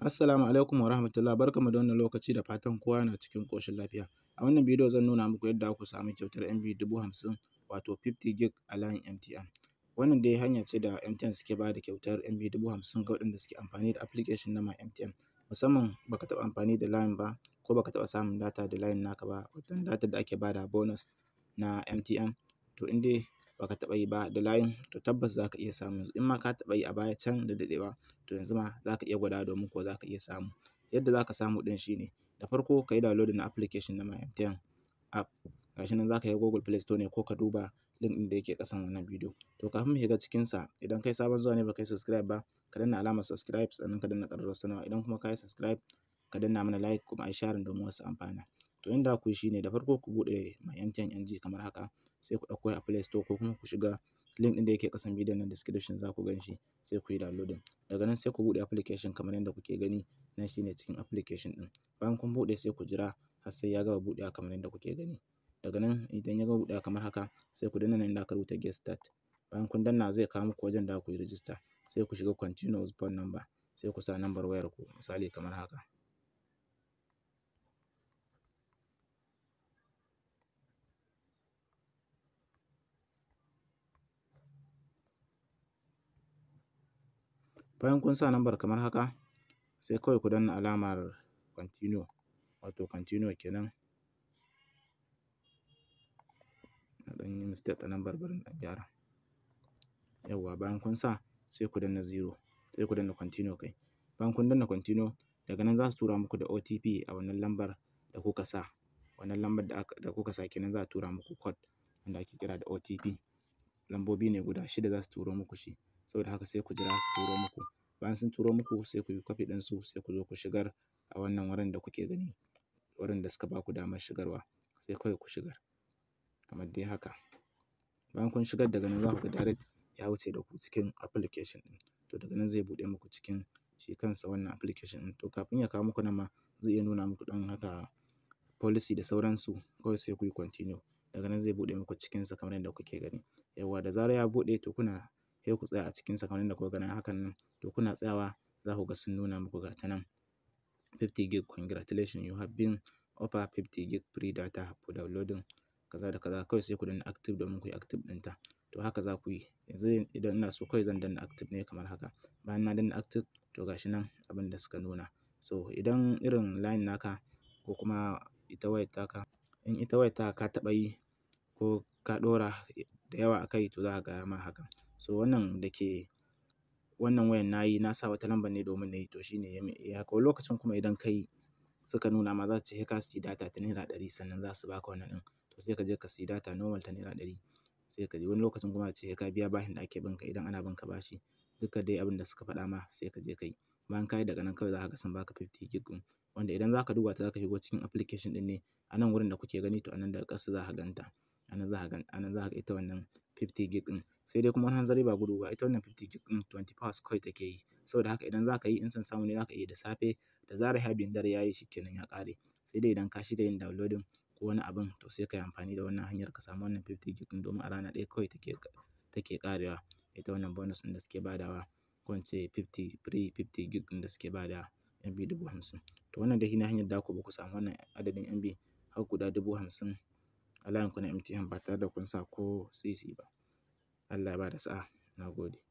Assalamu alaikum wa rahmatullah barkamu da wannan lokaci da fatan kowa na cikin koshin lafiya. A wannan bidiyo zan nuna muku yadda ku samu kyautar MB dubu hamsin wato 50 gig a layin MTN. Wannan dai hanya ce da MTN suke ba da kyautar MB dubu hamsin ga waɗanda suke amfani da application na My MTN. Musamman baka taɓa amfani da layin ba ko baka taɓa samun data da layin naka ba wannan data da ake bada bonus na MTN to in dai baka taɓa yi ba da layin to tabbas za ka iya samun in ma ka taɓa yi a baya can da daɗewa to yanzu ma za ka iya gwada domin ko za ka iya samu yadda za ka samu ɗin shi ne da farko ka yi downloading na application na MyMTN app shi nan za ka yi Google Play Store ne ko ka duba link ɗin da yake ƙasan wannan bidiyo to kafin mu shiga cikin sa idan kai sabon zuwa ne ba kai subscribe ba ka danna alamar subscribe sannan ka danna ƙararrawar sanarwa idan kuma ka yi subscribe ka danna mana like kuma yi sharing domin wasu amfana to yanda ku yi shi ne da farko ku buɗe mtn NG kamar haka sai ku ɗauko a Play Store ko kuma ku shiga link ɗin da yake ƙasan bidiyon nan description za ku gan shi sai ku yi downloading daga nan sai ku buɗe application kamar yadda kuke gani nan ne cikin application ɗin bayan kun buɗe sai ku jira har sai ya gama buɗewa kamar yadda kuke gani daga nan idan ya gama buɗewa kamar haka sai ku danna nan da aka rubuta get start bayan kun danna zai kawo muku wajen da ku yi register sai ku shiga continue with phone number sai ku sa number wayar ku misali kamar haka Bayan kun sa lambar kamar haka, sai kawai ku danna alamar continue, wato continue kenan. Na ɗan yi mistake a lambar barin ɗan gyara. Yawwa bayan kun sa sai ku danna zero, sai ku danna continue kai. Bayan kun danna continue, daga nan za su tura muku da OTP a wannan lambar da kuka sa. Wannan lambar da aka da kuka sa kenan za a tura muku code wanda ake kira da OTP. Lambobi ne guda shida za su turo muku shi. saboda haka sai ku jira su turo muku bayan sun turo muku sai ku yi kwafi ɗin su sai ku zo ku shigar a wannan wurin da kuke gani wurin da suka baku damar shigarwa sai kawai ku shigar kamar dai haka bayan kun shigar daga nan za ku ga direct ya wuce da ku cikin application ɗin to daga nan zai buɗe muku cikin shi kansa wannan application ɗin to kafin ya kawo muku nan ma zai iya nuna muku ɗan haka policy da sauransu kawai sai ku yi continue daga nan zai buɗe muku cikinsa kamar yadda kuke gani yawwa da zarar ya buɗe to kuna sai ku tsaya a sa kamar yadda kuka gani hakan nan to kuna tsayawa za ku ga sun nuna muku ga ta nan 50 gig congratulations you have been offer 50 gig free data for downloading kaza da kaza kawai sai ku danna active domin ku yi active ɗinta to haka za ku yi yanzu idan ina so kawai zan danna active ne kamar haka bayan na danna active to gashi nan abin da suka nuna so idan irin line naka ko kuma ita wayar taka in ita wayar taka ka taɓa yi ko ka ɗora da yawa a kai to za ka ga ma haka so wannan da ke wannan wayan na yi na sa wata lamba ne domin na yi to shine ya yi haka lokacin kuma idan ka suka nuna ma za su ce sai ka data ta naira ɗari sannan za su baka wannan ɗin to sai ka je ka siya data normal ta naira ɗari sai ka je wani lokacin kuma ce ka biya bashin da ake bin ka idan ana bin ka bashi duka dai abin da suka faɗa ma sai ka je kai bayan ka yi daga nan kawai za ka ga sun baka 50 gig ɗin wanda idan za ka duba ta za ka shigo cikin application ɗin ne a nan wurin da kuke gani to a nan daga ƙasa za ka ganta a nan za ka ita wannan 50 gig ɗin sai dai kuma wani hanzari ba gudu ba ita wannan 50 gig ɗin four hours kawai take yi saboda haka idan za ka yi in san samu ne ka iya da safe da zarar bin dare ya yi shikenan ya ƙare sai dai idan ka shirya yin downloading ko wani abin to sai kai amfani da wannan hanyar ka samu wannan 50 gig ɗin domin a rana ɗaya kawai take take ƙarewa ita wannan bonus ɗin da suke badawa ko in ce fifty free 50 gig ɗin da suke badawa MB dubu hamsin to wannan dai na hanyar da ku ba ku samu wannan adadin MB har guda dubu hamsin a layin ku na MTN ba tare da kun sa ko cc ba. Allah ya ba da sa'a. Na gode.